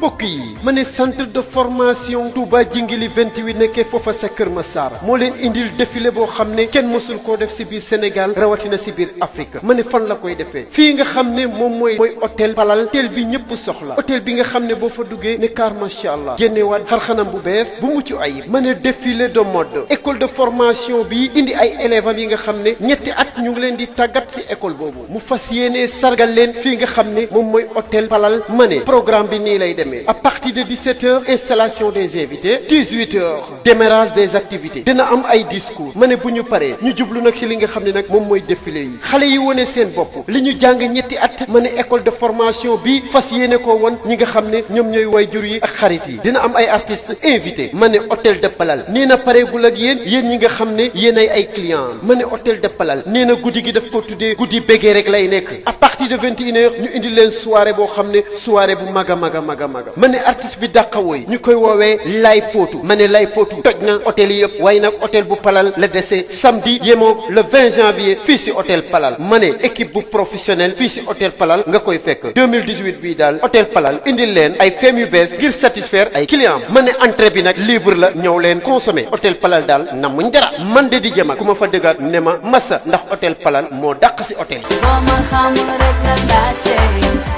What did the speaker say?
mbokk yi ma ne centre de formation Touba Jingili 28 nekkee foofa sa Kër Massar moo leen indil defile boo xam ne kenn mësul koo def si biir Sénégal rawatina si biir Afrique ma ne fan la koy defee fii nga xam ne moom mooy mooy hôtel Palal tel bi ñëpp soxla otel bi nga xam ne boo fa duggee ne kaar macha allah génnewaat xarxanam bu bees bu mucc ayib ma ne défilé de mode école de formation bi indi ay élèves yi nga xam ne ñetti at ñu ngi leen di tàggat si école boobu mu fas yéenee sargal leen fii nga xam ne moom mooy hôtel Palal ma programme bi nii lay demee à partir de 17h installation des invités 18h démarrage des activités dina am ay discours Mané ne bu ñu paree ñu jublu nak si li nga xamné nak mom moy défilé yi Xalé yi woné seen bop. li ñu jang ñetti at mané école de formation bi fas yéné ko won ñi nga xamné ñom ñoy wayjur yi ak xarit yi dina am ay artistes invités Mané hôtel de Palal Néna paré pareegul ak yeen, yéen ñi nga xamné ne ay clients Mané hôtel de Palal Néna goudi gi daf ko tuddee goudi béggee rek lay nekk de 21h ñu indi leen soirée vous xamné soirée bu maga maga maga maga. mané artiste bi nous woy ñu koy woowee Lay Potu mané ne Lay Potu hôtel yop wayna hôtel bu Palal le décès samedi yémo le 20 janvier fii hôtel Palal ma équipe bu professionnel hôtel hôtel Palal nga koy fekk 2018 bi hôtel Palal indilène leen ay mieux yu bees ngir satisfaire ay clients ma entrée bi nak libre la ñew leen consommer hôtel Palal d'al namuñ dara man de di jëm ak fa dëggaat néma massa ndax hôtel Palal moda daq ci hôtel. like my